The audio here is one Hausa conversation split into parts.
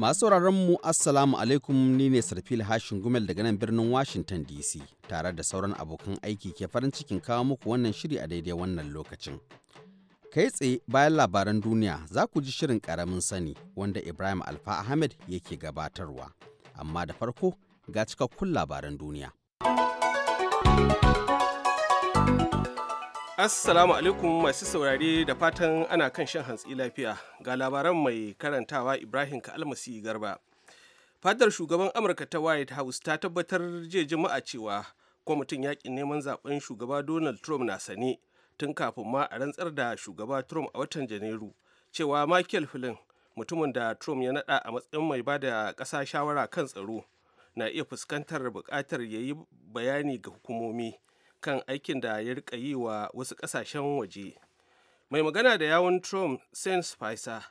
Masu mu Assalamu alaikum ni ne Sarfil Hashin Gumel daga nan birnin Washington DC tare da sauran abokan aiki ke farin cikin kawo muku wannan shiri a daidai wannan lokacin. Kai tsaye bayan labaran duniya za ku ji shirin karamin sani wanda Ibrahim Alfa Ahmed yake gabatarwa. Amma da farko ga cikakkun labaran duniya. Assalamu alaikum masu saurare da fatan ana kan shan hantsi lafiya. ga labaran mai karantawa ibrahim kalmasi garba fadar shugaban amurka ta white house ta tabbatar jiya juma'a cewa kwamitin yakin neman zaben shugaba donald trump na sane tun kafin ma a rantsar da shugaba trump a watan janairu cewa michael flynn mutumin da trump ya nada a matsayin mai ba da ƙasa shawara kan tsaro na iya fuskantar bukatar ya yi bayani ga hukumomi kan aikin da ya rika yi wa wasu kasashen waje mai magana da yawon trump sen spicer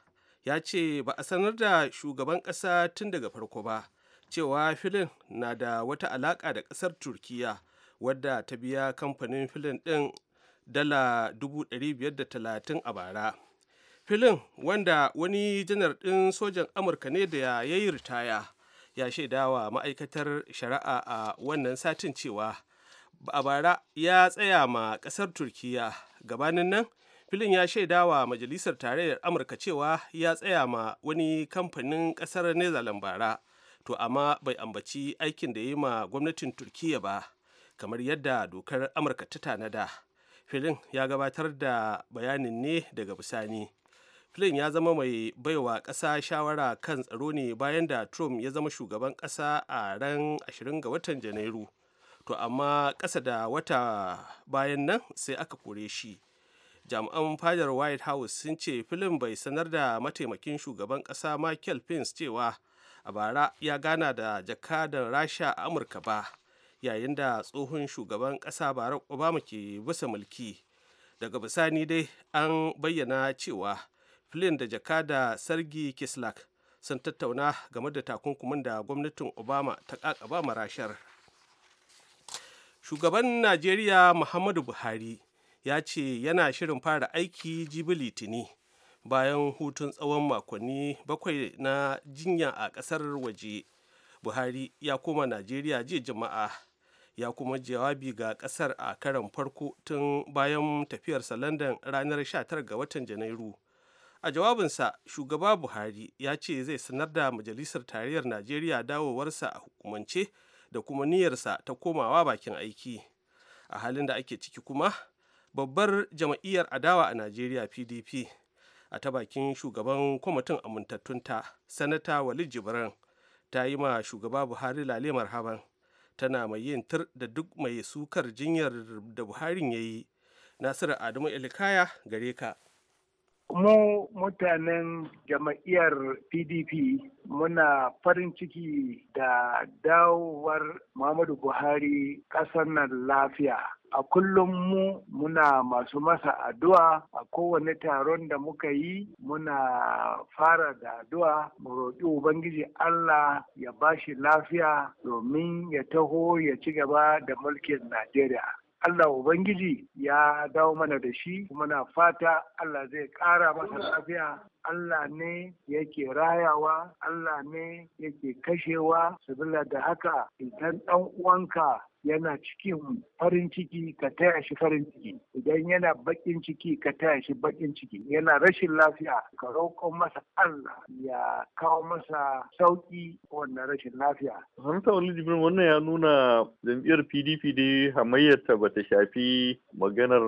ya ce ba a sanar da shugaban ƙasa tun daga farko ba cewa filin na da wata alaƙa da ƙasar turkiya wadda ta biya kamfanin filin ɗin dala 530 a bara filin wanda wani janar ɗin sojan amurka ne da ya yi ritaya ya shaidawa ma'aikatar shari'a a wannan satin cewa a bara ya tsaya ma ƙasar turkiya gabanin nan filin ya shaida wa majalisar tarayyar amurka cewa ya tsaya ma wani kamfanin kasar nezalan bara to amma bai ambaci aikin da ya yi ma gwamnatin turkiyya ba kamar yadda dokar amurka ta tanada filin ya gabatar da bayanin ne daga bisani filin ya zama mai baiwa ƙasa shawara kan tsaro ne bayan da trump ya zama shugaban ƙasa a ran 20 ga watan janairu to amma ƙasa da wata bayan nan sai aka kore shi jami'an fadar white house sun ce filin bai sanar da mataimakin shugaban ƙasa michael pence cewa a bara ya gana da jakadan rasha a amurka ba yayin da tsohon shugaban ƙasa barack obama ke bisa mulki daga bisani dai an bayyana cewa filin da jakada sargi kislak sun tattauna game da takunkumin da gwamnatin obama ta kakaba marashar shugaban najeriya muhammadu buhari ya ce yana shirin fara aiki jibi litini bayan hutun tsawon makonni bakwai na jinya a ƙasar waje buhari ya koma najeriya jiya jama'a ya kuma jawabi ga ƙasar a karan farko tun bayan tafiyarsa london ranar 19 ga watan janairu a jawabinsa shugaba buhari ya ce zai sanar da majalisar tarayyar najeriya dawowarsa a hukumance da kuma niyyarsa ta komawa bakin aiki a halin da ake ciki kuma babbar jama'iyyar adawa a najeriya pdp a ta bakin shugaban kwamitin amintattunta sanata walid jibran ta yi ma shugaba buhari lale marhaban tana mai yin tir da duk mai sukar jinyar da buharin ya yi nasiru adamu ilikaya gare ka mu mutanen jama'iyyar pdp muna farin ciki da dawowar muhammadu buhari ƙasar nan lafiya a kullum mu muna masu masa addu'a a kowane taron da muka yi muna fara da addu'a mu roƙi ubangiji allah ya bashi lafiya domin ya taho ya ci gaba da mulkin najeriya Allah Ubangiji ya dawo mana da shi muna fata Allah zai ƙara masa lafiya Allah ne yake rayawa Allah ne yake kashewa su da haka idan ɗan uwanka yana cikin farin ciki ka taya shi farin ciki idan yana bakin ciki ka taya shi bakin ciki yana rashin lafiya ka roƙo masa Allah ya kawo masa sauki wannan rashin lafiya Hamsa wani jibrin wannan ya nuna jam'iyyar PDP dai hamayyarta bata shafi maganar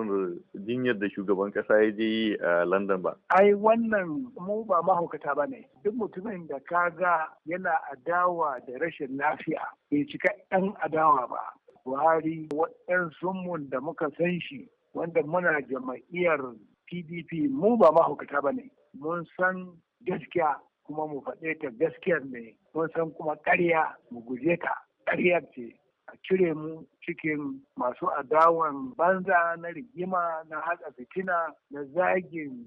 jinyar da shugaban kasa ya je a London ba ai wannan mu ba mahaukata ba ne duk mutumin da ka ga yana adawa da rashin lafiya bai cika ɗan adawa ba buhari waɗansunmu da muka san shi wanda muna jama'iyyar pdp mu ba mahaukata ba ne mun san gaskiya kuma mu faɗe ta gaskiyar ne mun san kuma ƙarya mu guje ta ƙaryar ce a cire mu cikin masu adawan banza na rigima na haɗa fitina na zagin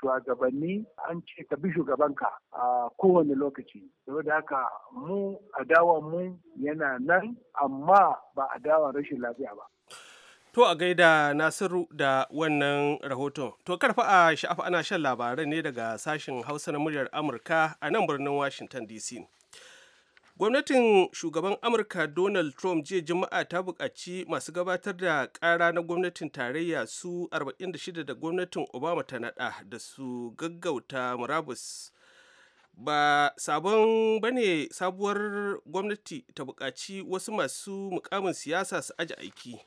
shugabanni an ce ka bi shugabanka a kowane lokaci saboda haka mu adawan mu yana nan amma ba adawan rashin lafiya ba To a gaida Nasiru da wannan rahoton. To karfa a sha'afa ana shan labarai ne daga sashen Hausa na muryar Amurka a nan birnin Washington DC. Gwamnatin shugaban Amurka Donald Trump jiya Juma'a ta buƙaci masu gabatar da ƙara na gwamnatin tarayya su 46 da gwamnatin Obama ta naɗa da su gaggauta murabus. Ba sabon bane sabuwar gwamnati ta buƙaci wasu masu mukamin siyasa su aji aiki.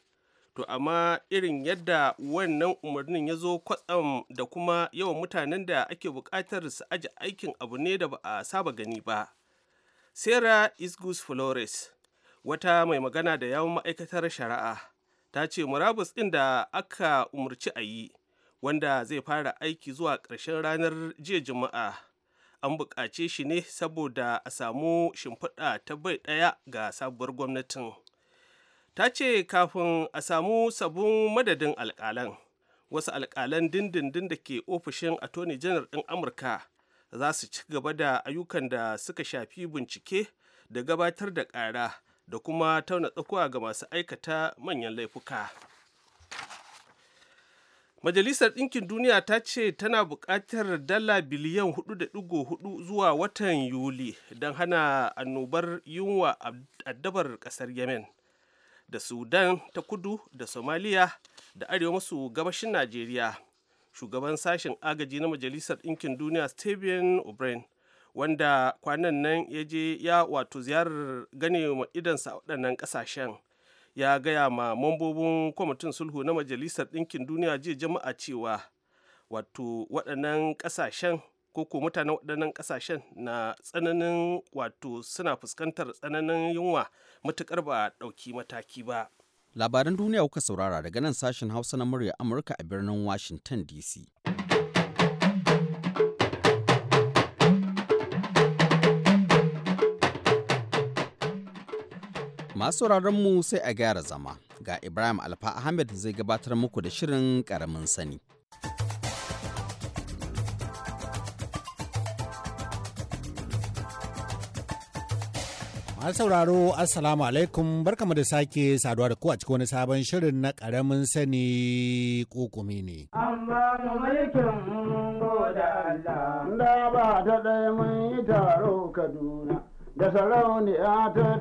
To amma irin yadda wannan umarnin ya zo kwatsam da kuma yawan mutanen da ake buƙatar su aji aikin abu ne da ba a saba gani ba. sarah isgus flores wata mai magana da yawon ma'aikatar shari'a ta ce murabus ɗin da aka umarci a yi wanda zai fara aiki zuwa ƙarshen ranar jiya juma'a an buƙace shi ne saboda a samu shimfiɗa ta bai ɗaya ga sabuwar gwamnatin ta ce kafin a samu sabon madadin alƙalan wasu alƙalan dindindin da ke ofishin attorney general ɗin amurka za su ci gaba da ayyukan da suka shafi bincike da gabatar da ƙara da kuma tauna tsakuwa ga masu aikata manyan laifuka. Majalisar Ɗinkin Duniya ta ce tana buƙatar dala biliyan 4.4 zuwa watan Yuli don hana annobar yunwa addabar ƙasar Yemen da Sudan ta kudu da Somaliya da arewa maso gabashin Najeriya. shugaban sashen agaji na majalisar ɗinkin duniya stephen o'brien wanda kwanan nan ya je ya wato ziyarar gane wa idansa waɗannan ƙasashen ya gaya ma mambobin kwamitin sulhu na majalisar ɗinkin duniya jiya jama'a cewa wato waɗannan ƙasashen ko ko mutanen waɗannan ƙasashen na tsananin wato suna fuskantar tsananin yunwa matuƙar ba ɗauki mataki ba Labaran duniya kuka saurara daga nan sashen Hausa na murya Amurka a birnin Washington DC. Masu mu sai a gyara zama ga Ibrahim Alfa Ahmed zai gabatar muku da shirin ƙaramin sani. Masu sauraro Assalamu alaikum barkamu da sake saduwa da ku a cikin wani sabon shirin na karamin sani kokumi ne. Amma mu mulkin mungo da Allah. Da ba ta ɗaya mun yi taro Kaduna da sarauniya ta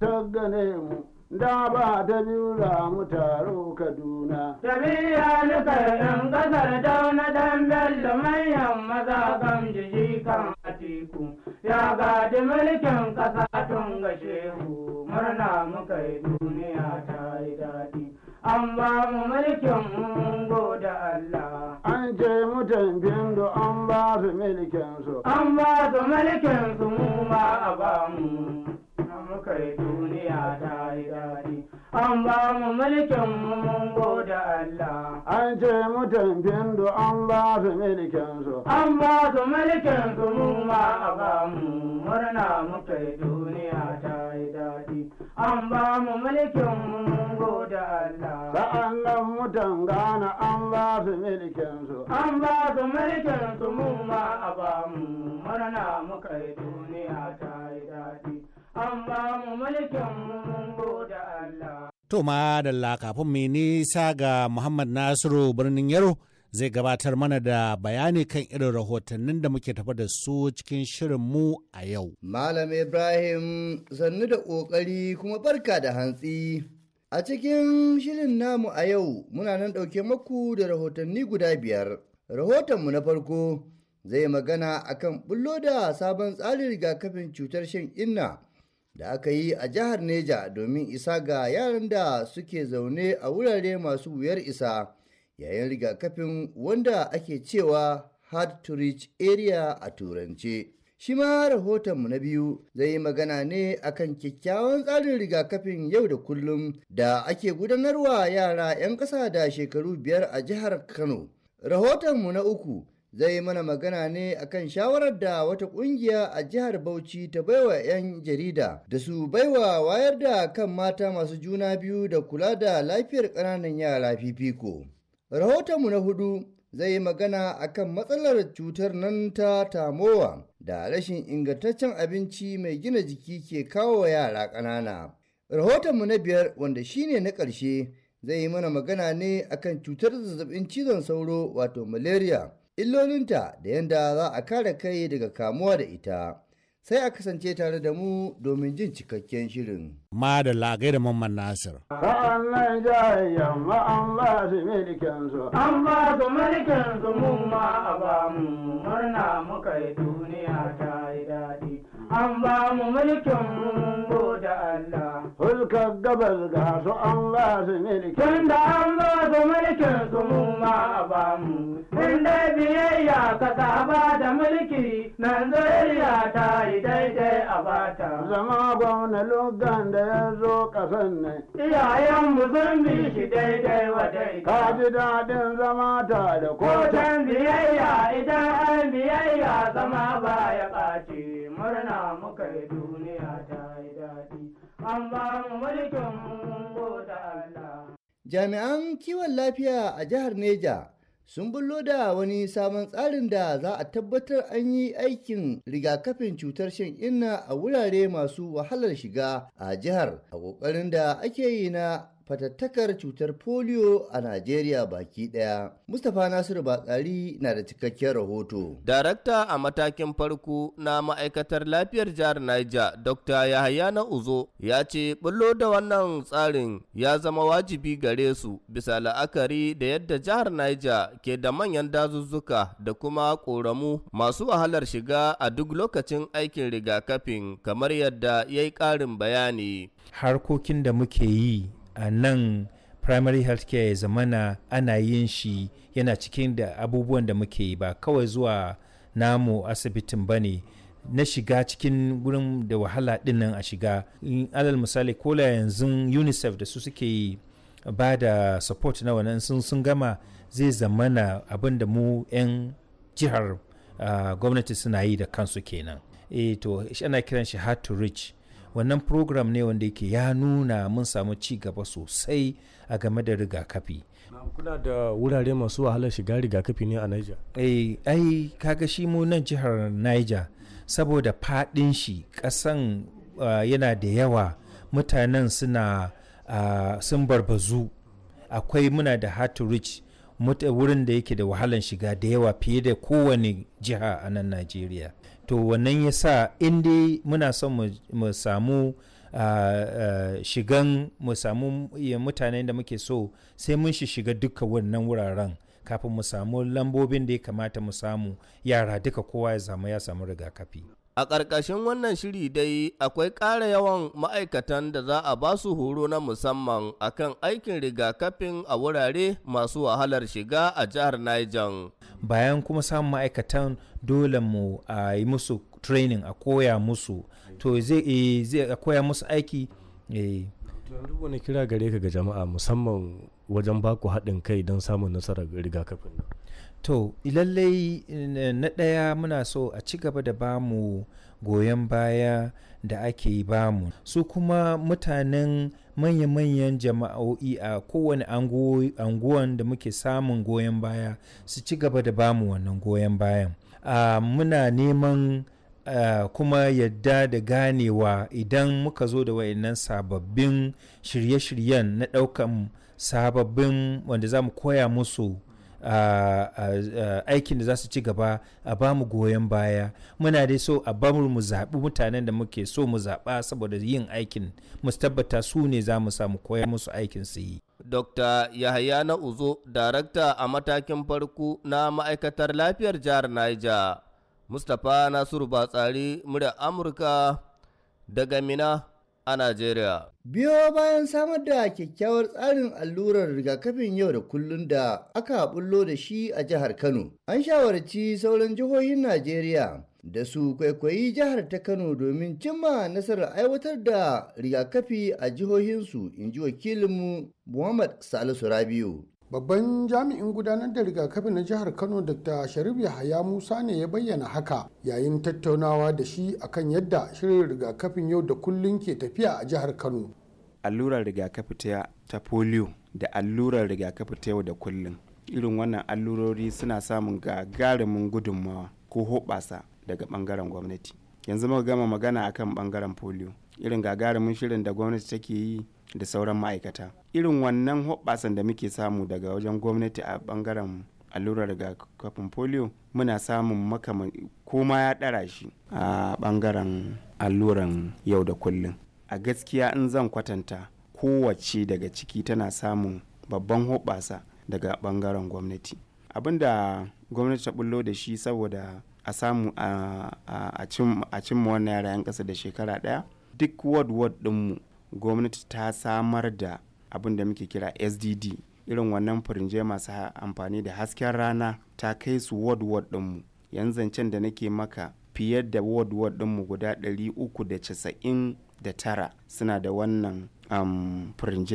ta gane mu. da ba ta biyu da mu taro kaduna. Tafiya nuka ɗan ƙasar dauna dan bello manyan maza kan jiji kan atiku. Ya gadi mulkin ƙasa tun ga shehu murna muka yi duniya ta yi daɗi. An ba mu mulkin mungo da Allah. An ce mutan bindo an ba su mulkin su. An ba su mulkin su mu ma a ba mu. mu mulkin mu Allah. An ce mutum bindu an ba su mulkin su. An ba su mulkin su mu ma a ba mu murna muka yi duniya ta yi daɗi. An ba mu mulkin mu mun goda Allah. Sa'an nan mutum gana an ba su mulkin su. An ba su mulkin su mu ma a ba mu murna muka yi duniya ta yi daɗi. An ba mu mulkin mu mun goda Allah. To ma da kafin mai nisa ga Muhammad Nasiru birnin Yaro zai gabatar mana da bayani kan irin rahotannin da muke tafa da su cikin shirin mu a yau. Malam Ibrahim zannu da ƙoƙari kuma barka da hantsi. A cikin shirin namu a yau muna nan ɗauke maku da rahotanni guda biyar. Rahotonmu na farko zai magana akan bullo da sabon tsarin rigakafin cutar shan inna. da aka yi a jihar Neja domin isa ga yaran da suke zaune a wurare masu wuyar isa yayin rigakafin wanda ake cewa hard to reach area a turance. Shi ma rahotonmu na biyu zai yi magana ne akan kyakkyawan tsarin rigakafin yau da kullum da ake gudanarwa yara 'yan ƙasa da shekaru biyar a jihar Kano. Rahotonmu na uku zai mana magana ne akan shawarar da wata kungiya a jihar Bauchi ta baiwa 'yan jarida da su baiwa wayar da kan mata masu juna biyu da kula da lafiyar ƙananan yara fifiko. Rahotonmu na hudu zai magana akan matsalar cutar nan ta tamowa da rashin ingantaccen abinci mai gina jiki ke kawo wa yara ƙanana. Rahotonmu na biyar wanda shine na ƙarshe zai yi mana magana ne akan cutar zazzabin cizon sauro wato malaria. illolinta da yadda za a kare kai daga kamuwa da ita. Sai a kasance tare da mu domin jin cikakken shirin. Ma da lagai da mamman Nasir. Sa'annan jayayya ba su milikin su, an ba ma a mu murna muka yi duniya ta yi daɗi. an ba mu mulkin mungo da Allah. Hulkar gabas ga su an ba su mulkin. Tun da an ba su mulkin su mu ma a ba mu. Tun da biyayya ka ba da mulki Najeriya ta yi daidai a bata. Zama gwamna lugan da ya zo kasan nan. Iyayen mu sun bi shi daidai wa daidai. Ka ji daɗin zama ta da kotun. biyayya idan an biyayya zama ba ya ɓaci. duniya ta daɗi Jami'an kiwon lafiya a jihar Neja sun bullo da wani sabon tsarin da za a tabbatar an yi aikin rigakafin cutar shan inna a wurare masu wahalar shiga a jihar a kokarin da ake yi na fatattakar cutar polio a Najeriya baki ɗaya. Mustapha Nasiru Batsari na da cikakken rahoto. Darakta a matakin farko na ma'aikatar lafiyar jihar Niger, Dr. Yahaya na Uzo, ya ce bullo da wannan tsarin ya zama wajibi gare su bisa la'akari da yadda jihar Niger ke da manyan dazuzzuka da kuma ƙoramu masu wahalar shiga a duk lokacin aikin rigakafin kamar yadda ya yi ƙarin bayani. Harkokin da muke yi a nan primary health care ya zamana ana yin shi yana cikin da abubuwan da muke yi ba kawai zuwa namu asibitin ba ne na shiga cikin gurin da wahala dinnan a shiga alal misali kola yanzu unicef da su suke yi ba da support na wannan sun sun gama zai zamana abin da mu 'yan jihar ah, gwamnati suna yi da kansu kenan e to ana kiran shi hard to reach wannan program ne wanda yake ya nuna mun samu ci gaba sosai a game da rigakafi kuna da wurare masu wahalar shiga rigakafi ne a niger eh, ai kaga shi mu nan jihar niger saboda fadin shi kasan yana da yawa mutanen suna sun barbazu akwai muna da hard to reach wurin da yake da wahalar shiga da yawa fiye da kowane jiha a nan najeriya to wannan ya sa inda muna son mu samu ah, ah, shigan mu samu mutanen da muke so sai mun shi shiga duka wannan wuraren kafin mu samu lambobin da ya kamata mu samu yara duka kowa ya zama ya samu rigakafi A ƙarƙashin wannan shiri dai akwai ƙara yawan ma'aikatan da za a ba su horo na musamman akan aikin rigakafin a wurare masu wahalar shiga a jihar Niger. Bayan kuma samun ma'aikatan dole mu a yi musu training a koya musu to zai e, a koya musu aiki. Duk e. wani kira gare ka ga jama'a musamman wajen baku haɗin kai don samun nasarar rigakafin. to lallai eh, na ɗaya muna so a ci gaba da bamu goyon baya da ake bamu su kuma mutanen manya-manyan jama'o'i a kowane anguwan da muke samun goyon baya su ci gaba da bamu wannan goyon bayan muna neman Uh, kuma yadda da ganewa idan muka zo da wayannan sababbin shirye-shiryen na ɗaukan sababbin wanda za mu koya musu aikin da za su ci gaba a ba mu goyon baya muna dai so a ba mu zaɓi mutanen da muke so mu zaɓa saboda yin aikin mu tabbata su ne za mu samu koyar musu aikin su yi Dr. Yahaya na Uzo, darakta a matakin farko na ma'aikatar lafiyar jihar Niger, Mustapha Nasiru Batsari, murya Amurka daga Mina a Najeriya. Biyo bayan samar da kyakkyawar tsarin allurar rigakafin yau da kullun da aka bullo da shi a jihar Kano, an shawarci sauran jihohin Najeriya da su kwaikwayi jihar ta Kano domin cimma nasarar aiwatar da rigakafi a jihohinsu, in ji wakilinmu Muhammad Salisu Rabiu. babban jami'in gudanar da rigakafi na jihar kano dr sharif yahaya musa ne ya bayyana haka yayin tattaunawa da shi akan yadda shirin rigakafin yau da kullun ke tafiya a jihar kano allurar rigakafi ta polio da allurar rigakafi ta yau da kullun irin wannan allurori suna samun gagarumin gudunmawa ko hoɓasa daga ɓangaren gwamnati yanzu muka gama magana akan ɓangaren polio irin gagarumin shirin da gwamnati take yi da sauran ma'aikata irin wannan hoɓɓasan da muke samu daga wajen gwamnati a bangaren allurar rigakafin polio muna samun makaman koma ya ɗara shi a bangaren alluran yau da kullum a gaskiya in zan kwatanta kowace daga ciki tana samun babban hoɓɓasa daga bangaren gwamnati abin da gwamnati ta bullo da shi saboda a samu a cimma wannan yara 'yan ƙasa da shekara ɗaya duk ward ward dinmu gwamnati ta samar da abin da muke kira sdd irin wannan furinje masu amfani da hasken rana ta kai su ward ward dinmu yanzu zancen da nake maka fiye da ward ward dinmu guda 399 suna da wannan um,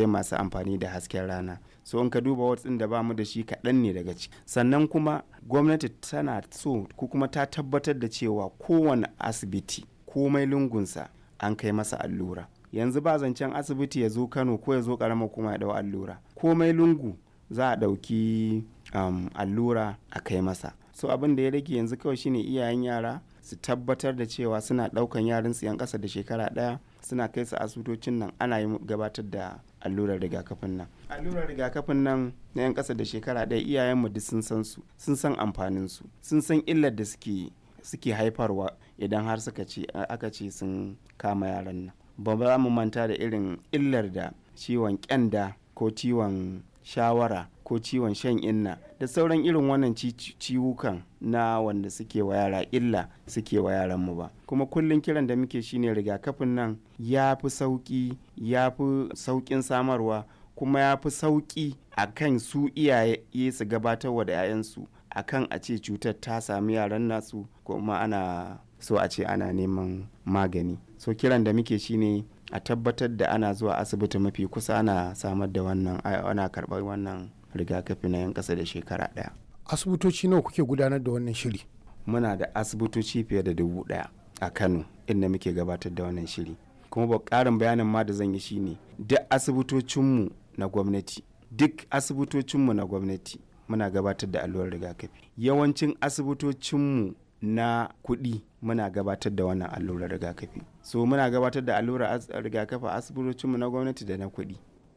masu amfani da hasken rana so in ka duba wards din da ba mu da shi kaɗan ne daga ciki sannan kuma gwamnati tana so ko kuma ta tabbatar da cewa kowane asibiti komai lungunsa an kai masa allura yanzu ba zancen asibiti ya zo kano ko ya zo karama kuma ya dau allura komai lungu za a dauki um, allura a kai masa so abin da ya rage yanzu kawai shine iyayen yara su tabbatar da cewa suna daukan yaran su yan kasa da shekara daya suna kai su asibitocin nan ana yi gabatar da allurar rigakafin nan allurar rigakafin nan na yan kasa da shekara daya iyayen mu duk sun san su sun san amfanin su sun san illar da suke suke haifarwa idan har suka ce aka ce sun kama yaran nan ba za mu manta da irin illar da ciwon kyanda ko ciwon shawara ko ciwon shan inna da sauran irin wannan ciwukan na wanda suke wa yara illa suke wa yaran mu ba kuma kullum kiran da muke shine rigakafin nan ya fi sauƙi ya fi sauƙin samarwa kuma ya fi sauƙi a kan su iyaye su gabatarwa da 'ya'yansu a kan a ce cutar ta sami yaran nasu kuma ana so a ce ana neman magani so kiran da muke shine a tabbatar da ana zuwa asibiti mafi kusa ana samar da wannan ana karɓar wannan rigakafi na yan ƙasa da shekara ɗaya asibitoci nawa kuke gudanar da wannan shiri muna da asibitoci fiye da dubu ɗaya a kano inda muke gabatar da wannan shiri kuma ba ƙarin bayanin ma da zan yi shine duk asibitocinmu na gwamnati duk asibitocinmu na gwamnati muna gabatar da allurar rigakafi yawancin asibitocinmu na kuɗi muna gabatar da wannan allurar rigakafi so muna gabatar da allurar rigakafi a asibitocinmu na gwamnati da na kuɗi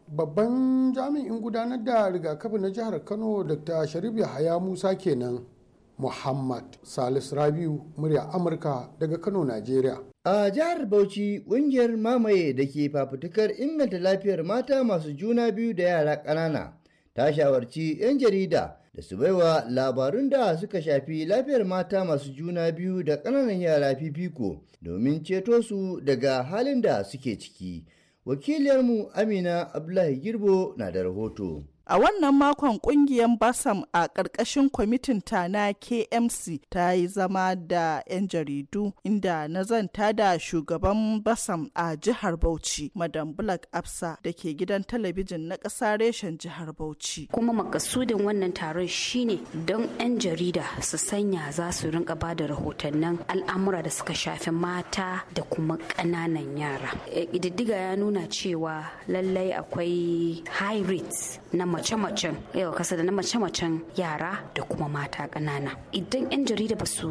babban jami'in gudanar da rigakafi na jihar kano dr sharif yahaya musa kenan muhammad salis rabiu murya amurka daga kano nigeria a jihar bauchi ƙungiyar mamaye da ke fafutukar inganta lafiyar mata masu juna biyu da yara ƙanana ta shawarci 'yan jarida da su baiwa labarun da suka shafi lafiyar mata masu juna biyu da ƙananan yara fifiko domin ceto su daga halin da suke ciki wakiliyarmu amina abdullahi girbo na da rahoto A wannan makon kungiyar Basam a ƙarƙashin kwamitin ta na KMC ta yi zama da 'yan jaridu inda na zanta da shugaban Basam a jihar Bauchi, Madam Black Absa da ke gidan talabijin na ƙasa reshen jihar Bauchi. Kuma makasudin wannan taron shine don 'yan jarida su sanya za su rinka ba da rahotannin al'amura da suka shafi mata da kuma ƙananan yara. Eh, ƙididdiga ya nuna cewa lallai akwai high rates na mace-macen yau eh, kasa da na mace-macen yara da kuma mata ƙanana idan 'yan jarida ba su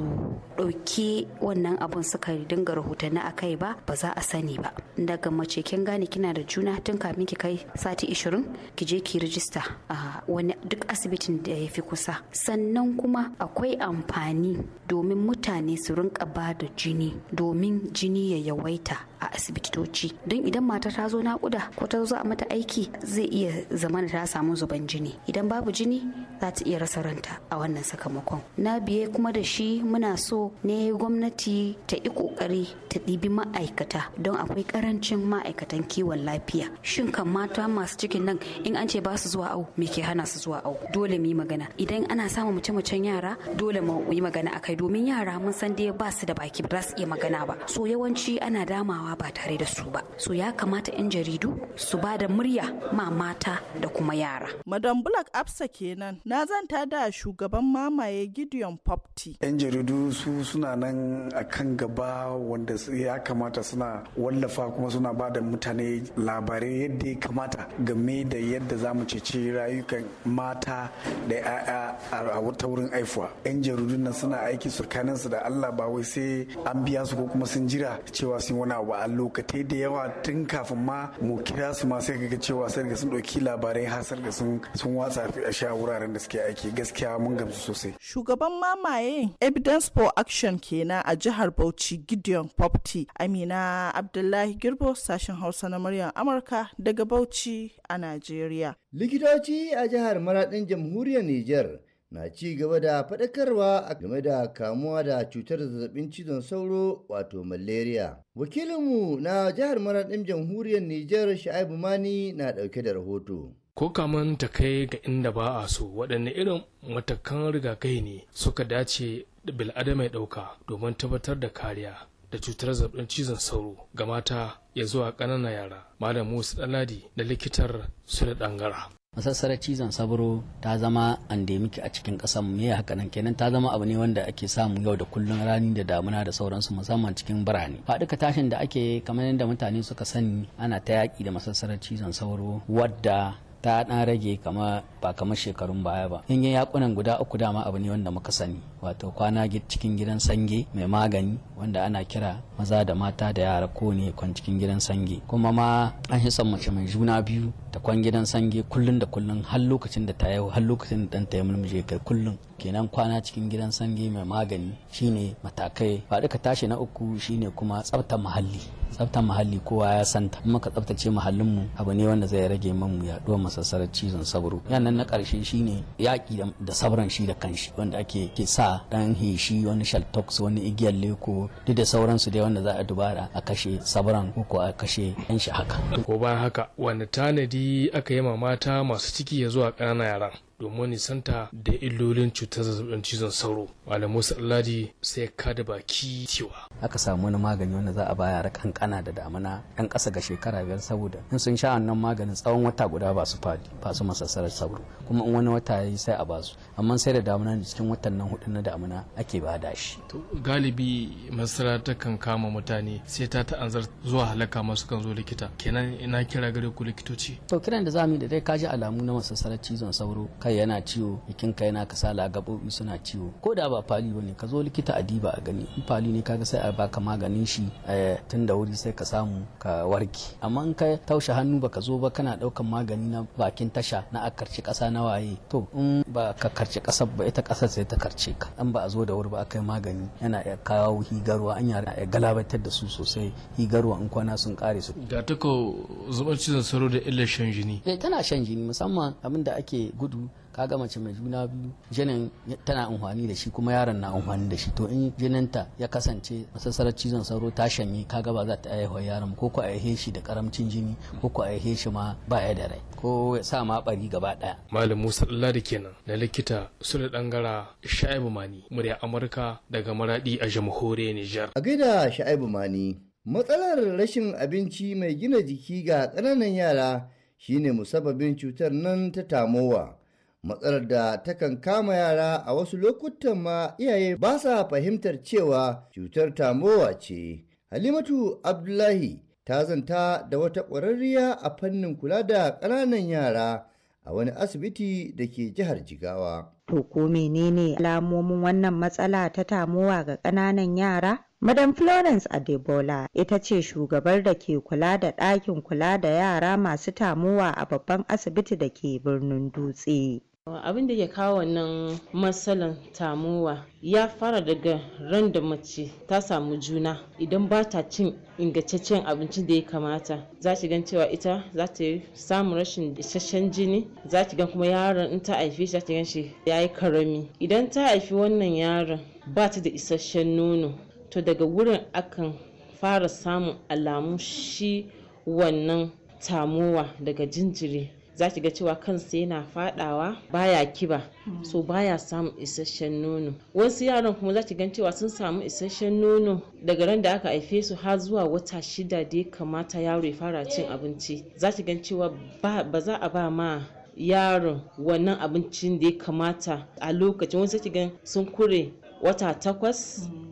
ɗauki wannan abun suka dinga rahotanni a kai ba ba za a sani ba daga mace kin gane kina da juna tun kamin ki kai sati 20 ki je ki rijista a wani duk asibitin da ya fi kusa sannan kuma akwai amfani domin mutane su rinka ba da jini domin jini ya yawaita a asibitoci don idan mata ta zo naƙuda ko ta zo a mata aiki zai iya zamana ta samu zuban jini idan babu jini za ta iya rasa ranta a wannan sakamakon na biye kuma da shi muna so ne gwamnati ta yi kokari ta ɗibi ma'aikata don akwai karancin ma'aikatan kiwon lafiya shin kan mata masu cikin nan in an ce ba su zuwa au me ke hana su zuwa au dole mu yi magana idan ana samun mace-macen yara dole mu yi magana akai domin yara mun san dai ba su da baki ba su iya magana ba so yawanci ana damawa ba tare da su ba so ya kamata 'yan jaridu su ba da murya ma mata da kuma yara yara. Madam Bulak Absa kenan na zanta da shugaban mamaye Gideon Popti. 'Yan jaridu su suna nan a kan gaba wanda ya kamata suna wallafa kuma suna ba da mutane labarai yadda ya kamata game da yadda za mu ceci rayukan mata da 'ya'ya a wata wurin aifuwa. 'Yan jaridu nan suna aiki tsakaninsu da Allah ba wai sai an biya su ko kuma sun jira cewa sun wani abu a lokacin da yawa tun kafin ma mu kira su ma sai ga cewa sai sun ɗauki labarai har ga sun sun watsa a sha wuraren da suke aiki gaskiya mun gamsu sosai shugaban mamaye evidence for action kenan a jihar Bauchi Gideon Popti Amina Abdullahi Girbo sashen Hausa na muryar Amurka daga Bauchi a Najeriya likitoci a jihar Maradin Jamhuriyar Niger na ci gaba da faɗakarwa game da kamuwa da cutar zazzabin cizon sauro wato malaria. Wakilinmu na jihar Maraɗin jamhuriyar Nijar Sha'ibu Mani na ɗauke da rahoto. ko kaman ta kai ga inda ba a so waɗanne irin matakan rigakai ne suka dace da bil'adama ya ɗauka domin tabbatar da kariya da cutar zaɓin cizon sauro ga mata ya zuwa ƙananan yara malam musu ɗanladi da likitar su da ɗangara masassarar cizon sauro ta zama endemic a cikin ƙasar mu ya haka nan kenan ta zama abu ne wanda ake samu yau da kullum rani da damuna da sauransu musamman cikin birane faɗuka tashin da ake kamar yadda mutane suka sani ana ta yaƙi da masassarar cizon sauro wadda ta dan rage kama ba kamar shekarun baya ba ganyen yakunan guda uku dama abu ne wanda muka sani wato kwana cikin gidan sange mai magani wanda ana kira maza da mata da yara ko ne kwan cikin gidan sange kuma ma an hisan mace mai juna biyu ta kwan gidan sange kullun da kullun har lokacin da ta yi har lokacin da yi mun mulmuje kai kullun kenan kwana cikin gidan sange mai magani shine matakai ba duka tashi na uku shine kuma tsaftar muhalli tsaftar muhalli kowa ya santa in muka tsaftace muhallinmu abu ne wanda zai rage man mamu yaduwar masassarar cizon sauro yanan na karshe shine yaki da sabran shi da kanshi wanda ake ke sa dan heshi wani shaltox wani igiyar leko duk da sauransu dai wanda za a dubara a kashe sabran ko a kashe yan shi haka ko bayan haka wani tanadi aka yi ma mata masu ciki ya zuwa ƙananan yaran domin nisanta da illolin cutar zazzabin cizon sauro malam musa alladi sai ka da baki cewa aka samu wani magani wanda za a ba yara kankana da damana yan ƙasa ga shekara biyar saboda in sun sha wannan maganin tsawon wata guda ba su fadi ba su masassarar sauro kuma in wani wata yayi sai a ba su. amma sai da damuna cikin watan nan hudu na damuna ake ba da shi to galibi masara ta kan kama mutane sai ta ta'anzar zuwa halaka masu kan zo likita kenan ina kira gare ku likitoci to kiran da zamu yi da dai kaji alamu na masassarar cizon sauro kai yana ciwo ka yana kasala gabobi suna ciwo ko da ba fali bane ka zo likita a diba a gani in fali ne kaga sai a baka maganin shi eh, tun da wuri sai ka samu ka warke amma in ka taushe hannu baka zo ba kana ɗaukan magani na bakin tasha na a karci kasa na waye to in ba ka karci ƙasar ba ita ƙasar sai ta karce ka an ba a zo da wuri ba a kai magani yana iya kawo higarwa an yana galabatar da su sosai higarwa in kwana sun kare su da ta ko zubar cizon sauro da illar shan jini eh, tana shan jini musamman abin da ake gudu Ka ga mace mai juna biyu jinin tana amfani da shi kuma yaron na amfani da shi to in jininta ya kasance masassarar cizon sauro ta shanye kaga ba za ta haihuwa yaron ko ko aihe shi da karamcin jini ko ko aihe shi ma ba ya da rai ko ya sa ma bari gaba daya malam Musa da kenan na likita Sule Dangara Sha'ibu Mani murya Amurka daga Maradi a jamhuriyar Nijar a gaida Sha'ibu Mani matsalar rashin abinci mai gina jiki ga ƙananan yara shine musababin cutar nan ta tamowa matsalar da takan kama yara a wasu lokutan ma iyaye ba sa fahimtar cewa cutar tamowa ce. Halimatu Abdullahi ta zanta da wata ƙwararriya a fannin kula da ƙananan yara a wani asibiti da ke jihar Jigawa. To ko menene alamomin wannan matsala ta tamowa ga ƙananan yara? Madam Florence Adebola ita ce shugabar da ke kula da ɗakin kula da yara masu tamowa a babban asibiti da ke birnin dutse. abin da ke kawo wannan matsalan tamuwa ya fara daga ran da mace ta samu juna idan ba ta cin ingantaccen abincin da ya kamata za ki gan cewa ita za ta yi samun rashin isasshen jini za ki gan kuma yaron in ta haife shi za ki gan shi ya yi karami idan ta haifi wannan yaron ba ta da isasshen nono to daga wurin akan fara samun alamun shi wannan tamowa daga jinjiri za ki ga cewa kansa yana fadawa baya kiba hmm. so baya samun isasshen nono wasu yaran kuma za ki gan cewa sun samu isasshen nono daga ran da aka haife su har zuwa wata shida da ya kamata yaro ya fara cin abinci za ki gan cewa ba za a ba ma yaron wannan abincin da ya kamata a lokacin wasu gan sun kure wata takwas hmm.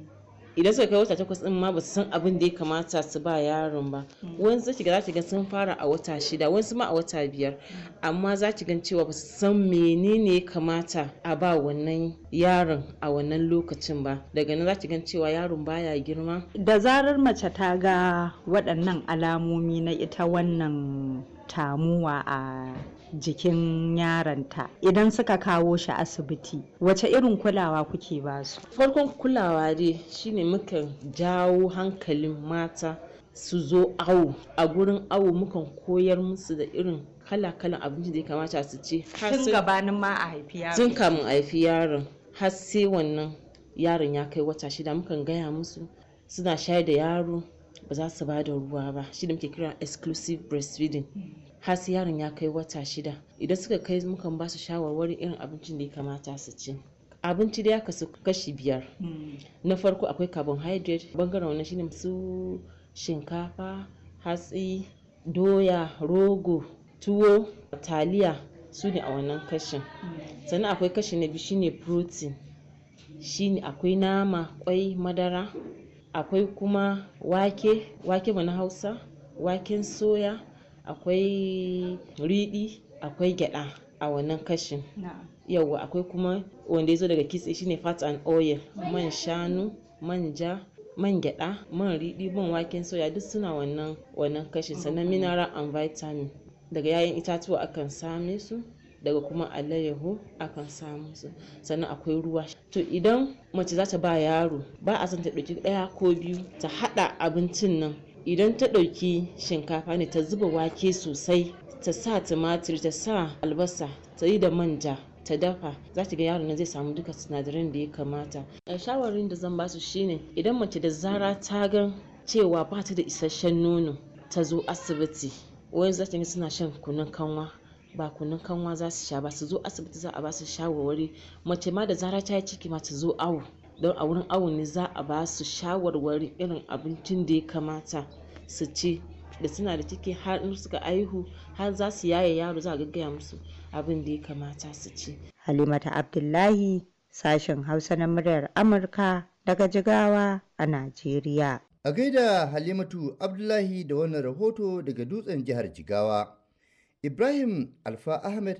idan suka kai wata takwas din ma ba su san abin da ya kamata su ba yaron ba mm. wani za ki ga ga sun fara a wata shida wani ma a wata biyar amma za ki gan cewa ba su san menene ya kamata a ba wannan yaron a wannan lokacin ba daga nan za ki gan cewa yaron baya girma da zarar mace ta ga waɗannan alamomi na ita wannan tamuwa a jikin yaronta idan suka kawo shi asibiti wace irin kulawa kuke ba su farkon kulawa dai shine muka jawo hankalin mata su zo awo a gurin awo mukan koyar musu da irin kala-kalan abinci da ya kamata su ci tun gabanin ma a haifi yaron kamun haifi yaron har sai wannan yaron ya kai wata shida mukan gaya musu suna shayar da yaro ba za su ba da ruwa ba shi da muke kira exclusive breastfeeding har yaron ya kai wata shida idan suka kai mukan ba su shawarwari irin abincin da ya kamata su ci abinci da ya kasu kashi biyar hmm. na farko akwai carbohydrate bangaren wannan shine su shinkafa hatsi doya rogo tuwo taliya su ne a wannan kashin hmm. sannan akwai kashi na biyu shine protein shine akwai nama kwai madara akwai kuma wake wake mana hausa waken soya akwai riɗi akwai gyaɗa a wannan kashin yawwa akwai kuma wanda ya zo daga kitse shine fat and oil man shanu manja man gyaɗa man riɗi man waken soya duk suna wannan wannan kashin sannan mineral and vitamin daga yayin itatuwa akan same su daga kuma alayyahu akan samu su sannan akwai ruwa to idan mace za ta ba yaro ba a son ta ɗauki ɗaya ko biyu ta haɗa abincin nan idan ta ɗauki shinkafa ne ta zuba wake sosai ta sa tumatir ta sa albasa ta yi da manja ta dafa za ta ga yaro na zai samu duka sinadaran da ya kamata shawarin da zan basu shine idan mace da zara ta ga cewa ba ta da isasshen nono ta zo asibiti wayan za ta suna shan kunun kanwa ba kunun kanwa za su sha ba su zo asibiti za a ba su shawarwari mace ma da zara ta yi ciki ma ta zo awo don a wurin awon za a ba su shawarwari irin abincin da ya kamata su ci da suna da ciki har suka aihu har za su yaye yaro za a gaggaya musu abin da ya kamata su ci. Halimata Abdullahi sashen Hausa na muryar Amurka daga Jigawa a Najeriya. A gaida Halimatu Abdullahi da wannan rahoto daga dutsen jihar Jigawa. Ibrahim Alfa Ahmed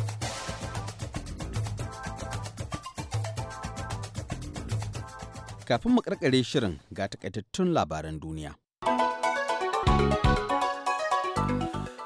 Kafin mu karkare shirin ga takaitattun labaran duniya.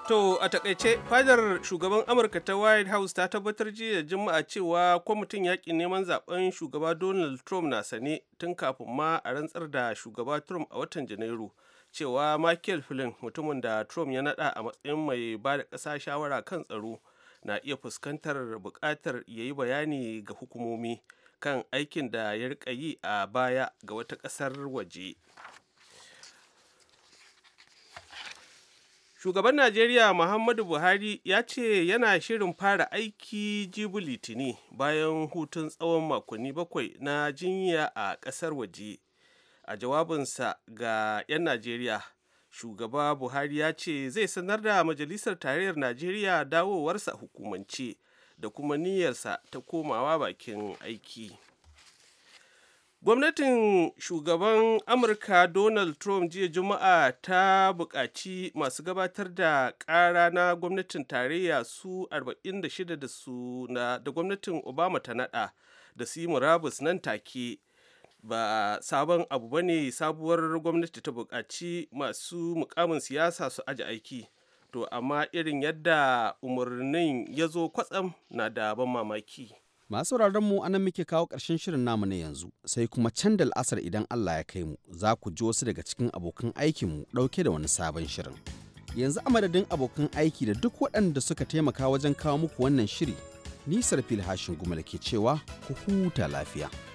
To a takaice fadar shugaban Amurka ta White House ta tabbatar jiya Juma'a cewa kwamitin yaƙi neman zaben shugaba Donald Trump na sane tun kafin ma a rantsar da shugaba Trump a watan Janairu cewa Michael Flynn mutumin da Trump ya nada a matsayin mai ba da ƙasa shawara kan tsaro na iya fuskantar buƙatar ya yi bayani ga hukumomi kan aikin da ya rika yi a baya ga wata kasar waje shugaban najeriya muhammadu buhari ya ce yana shirin fara aiki jibu litini bayan hutun tsawon makonni bakwai na jinya a kasar waje a jawabinsa ga 'yan najeriya shugaba buhari ya ce zai sanar da majalisar tarayyar najeriya dawowarsa hukumance da kuma niyyarsa ta komawa bakin aiki gwamnatin shugaban amurka donald trump jiya juma'a ta buƙaci masu gabatar da ƙara na gwamnatin tarayya su 46 da su na da gwamnatin obama ta naɗa da su yi murabus nan take ba sabon abu ba ne sabuwar gwamnati ta buƙaci masu mukamin siyasa su aji aiki to amma irin yadda umarnin ya zo kwatsam na da ban mamaki masu mu anan muke kawo ƙarshen shirin namu na yanzu sai kuma can da al'asar idan allah ya kai mu za ku ji wasu daga cikin abokan aikin mu ɗauke da wani sabon shirin yanzu a madadin abokan aiki da duk waɗanda suka taimaka wajen kawo muku wannan shiri nisar filhashin gumal ke cewa ku huta lafiya.